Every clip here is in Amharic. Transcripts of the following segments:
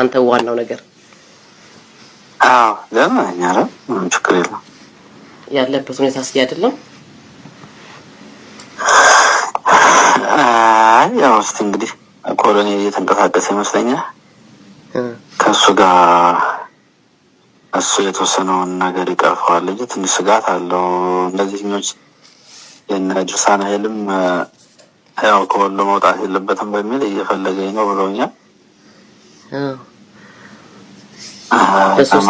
አንተ ዋናው ነገር አዎ፣ ደህና ነኝ። ኧረ ምንም ችግር የለም። ያለበት ሁኔታ እስኪ አይደለም ያው እስኪ እንግዲህ ኮሎኔ እየተንቀሳቀሰ ይመስለኛል። ከእሱ ጋር እሱ የተወሰነውን ነገር ይቀርፈዋል እንጂ ትንሽ ስጋት አለው። እንደዚህኞች የነ ድርሳን ኃይልም ያው ከወሎ መውጣት የለበትም በሚል እየፈለገኝ ነው ብለውኛል።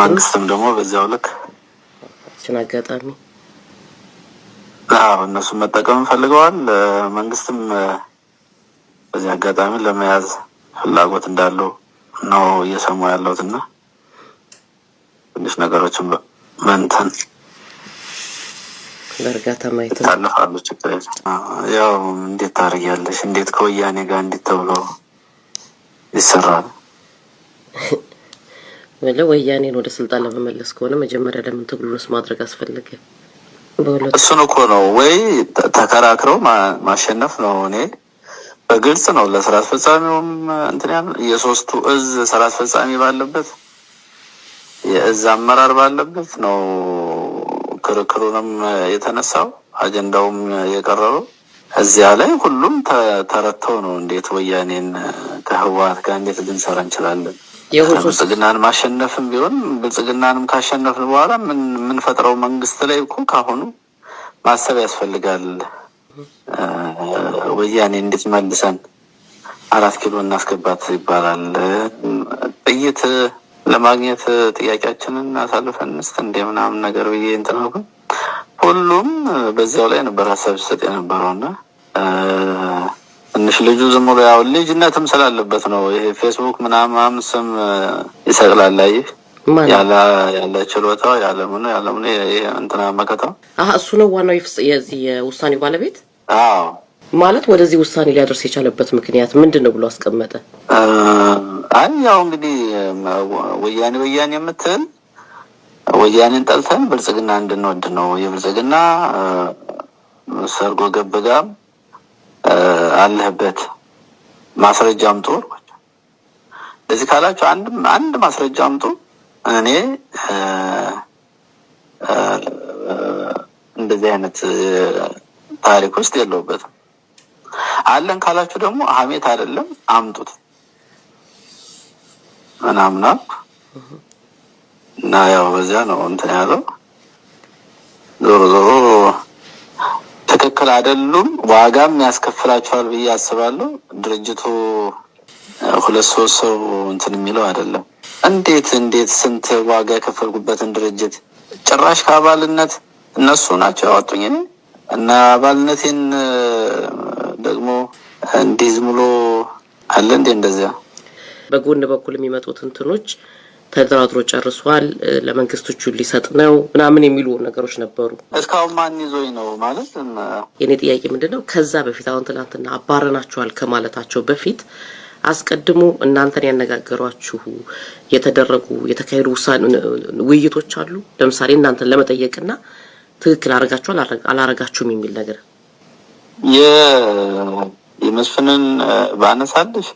መንግስትም ደግሞ በዚያው ልክ ችን አጋጣሚ እነሱም መጠቀም ፈልገዋል። መንግስትም በዚህ አጋጣሚ ለመያዝ ፍላጎት እንዳለው ነው እየሰሙ ያለሁት እና ትንሽ ነገሮችን በእንትን በእርጋታ ማየት ታለፋሉ። ችግር ያው እንዴት ታደርጊያለሽ? እንዴት ከወያኔ ጋር እንዴት ተብሎ ይሰራል? ወያኔን ወደ ስልጣን ለመመለስ ከሆነ መጀመሪያ ለምን ትግሉንስ ማድረግ አስፈለገ? እሱን እኮ ነው ወይ ተከራክረው ማሸነፍ ነው። እኔ በግልጽ ነው ለስራ አስፈጻሚውም እንትን የሶስቱ እዝ ስራ አስፈጻሚ ባለበት የእዝ አመራር ባለበት ነው ክርክሩንም የተነሳው አጀንዳውም የቀረበው እዚያ ላይ ሁሉም ተረተው ነው እንዴት ወያኔን ከህወሓት ጋር እንዴት ልንሰራ እንችላለን ብልጽግናን ማሸነፍም ቢሆን ብልጽግናንም ካሸነፍን በኋላ የምንፈጥረው መንግስት ላይ እኮ ካሁኑ ማሰብ ያስፈልጋል። ወያኔ እንዴት መልሰን አራት ኪሎ እናስገባት ይባላል። ጥይት ለማግኘት ጥያቄያችንን አሳልፈን ስ እንደ ምናምን ነገር ብዬ እንትን ሁሉም በዚያው ላይ ነበር ሀሳብ ሲሰጥ የነበረውና ትንሽ ልጁ ዝም ብሎ ያው ልጅነትም ስላለበት ነው። ይሄ ፌስቡክ ምናምን ስም ይሰቅላል። ይህ ያለ ችሎታ ያለ ምኑ ያለ ምኑ እንትና መከታ እሱ ነው ዋናው የዚህ የውሳኔ ባለቤት። አዎ ማለት ወደዚህ ውሳኔ ሊያደርስ የቻለበት ምክንያት ምንድን ነው ብሎ አስቀመጠ? አይ ያው እንግዲህ ወያኔ ወያኔ የምትል ወያኔን ጠልተን ብልጽግና እንድንወድ ነው። የብልጽግና ሰርጎ ገብጋም አለህበት ማስረጃ አምጡ። እንደዚህ ካላችሁ አንድ አንድ ማስረጃ አምጡ። እኔ እንደዚህ አይነት ታሪክ ውስጥ የለውበትም። አለን ካላችሁ ደግሞ ሀሜት አይደለም አምጡት ምናምና እና ያው በዚያ ነው እንትን ያለው ዞሮ ዞሮ ትክክል አይደሉም። ዋጋም ያስከፍላቸዋል ብዬ አስባለሁ። ድርጅቱ ሁለት ሶስት ሰው እንትን የሚለው አይደለም። እንዴት እንዴት ስንት ዋጋ የከፈልኩበትን ድርጅት ጭራሽ ከአባልነት እነሱ ናቸው ያወጡኝ እኔ እና አባልነቴን ደግሞ እንዲህ ዝም ብሎ አለ እንዴ እንደዚያ በጎን በኩል የሚመጡት እንትኖች ተደራድሮ ጨርሷል፣ ለመንግስቶቹ ሊሰጥ ነው ምናምን የሚሉ ነገሮች ነበሩ። እስካሁን ማን ይዞኝ ነው ማለት የኔ ጥያቄ ምንድን ነው? ከዛ በፊት አሁን ትናንትና አባረናችኋል ከማለታቸው በፊት አስቀድሞ እናንተን ያነጋገሯችሁ የተደረጉ የተካሄዱ ውይይቶች አሉ? ለምሳሌ እናንተን ለመጠየቅና ትክክል አረጋችኋል አላረጋችሁም የሚል ነገር የመስፍንን ባነሳልሽ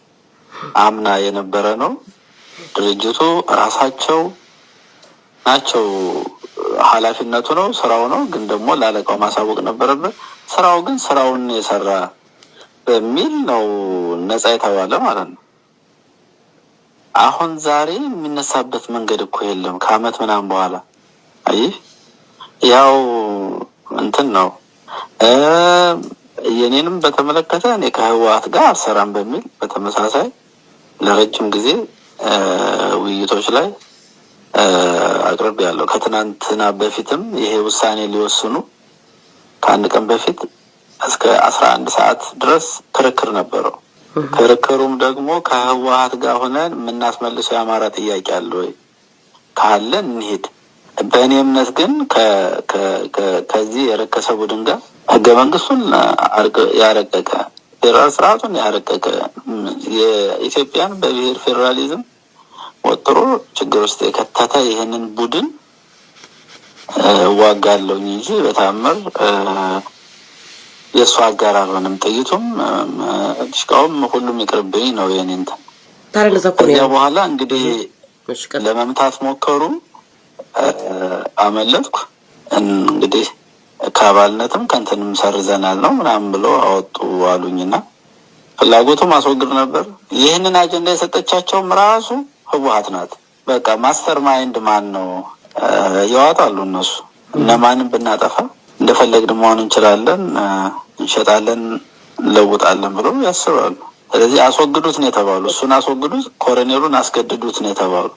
አምና የነበረ ነው። ድርጅቱ ራሳቸው ናቸው ኃላፊነቱ ነው ስራው ነው። ግን ደግሞ ላለቃው ማሳወቅ ነበረበት። ስራው ግን ስራውን የሰራ በሚል ነው ነጻ የተባለ ማለት ነው። አሁን ዛሬ የሚነሳበት መንገድ እኮ የለም። ከአመት ምናምን በኋላ አይ ያው እንትን ነው። የኔንም በተመለከተ እኔ ከህወሓት ጋር አልሰራም በሚል በተመሳሳይ ለረጅም ጊዜ ውይይቶች ላይ አቅርብ ያለው ከትናንትና በፊትም ይሄ ውሳኔ ሊወስኑ ከአንድ ቀን በፊት እስከ አስራ አንድ ሰዓት ድረስ ክርክር ነበረው። ክርክሩም ደግሞ ከህወሀት ጋር ሆነን የምናስመልሰው የአማራ ጥያቄ አለ ወይ ካለ እንሄድ። በእኔ እምነት ግን ከዚህ የረከሰ ቡድን ጋር ህገ መንግስቱን ያረቀቀ ፌዴራል ስርዓቱን ያረቀቀ የኢትዮጵያን በብሔር ፌዴራሊዝም ወጥሮ ችግር ውስጥ የከተተ ይህንን ቡድን እዋጋለሁኝ እንጂ በተአምር የእሱ አጋር አልሆንም። ጥይቱም ሽቃውም ሁሉም ይቅርብኝ ነው የኔንተ ከዚያ በኋላ እንግዲህ ለመምታት ሞከሩ፣ አመለጥኩ እንግዲህ ከአባልነትም ከንትንም ሰርዘናል ነው ምናምን ብለው አወጡ አሉኝና ፍላጎቱ ማስወግድ ነበር። ይህንን አጀንዳ የሰጠቻቸውም ራሱ ህወሀት ናት። በቃ ማስተር ማይንድ ማን ነው? ያዋጣሉ እነሱ። እነማንም ብናጠፋ እንደፈለግን መሆን እንችላለን፣ እንሸጣለን፣ እንለውጣለን ብለው ያስባሉ። ስለዚህ አስወግዱት ነው የተባሉ። እሱን አስወግዱት፣ ኮረኔሉን አስገድዱት ነው የተባሉ።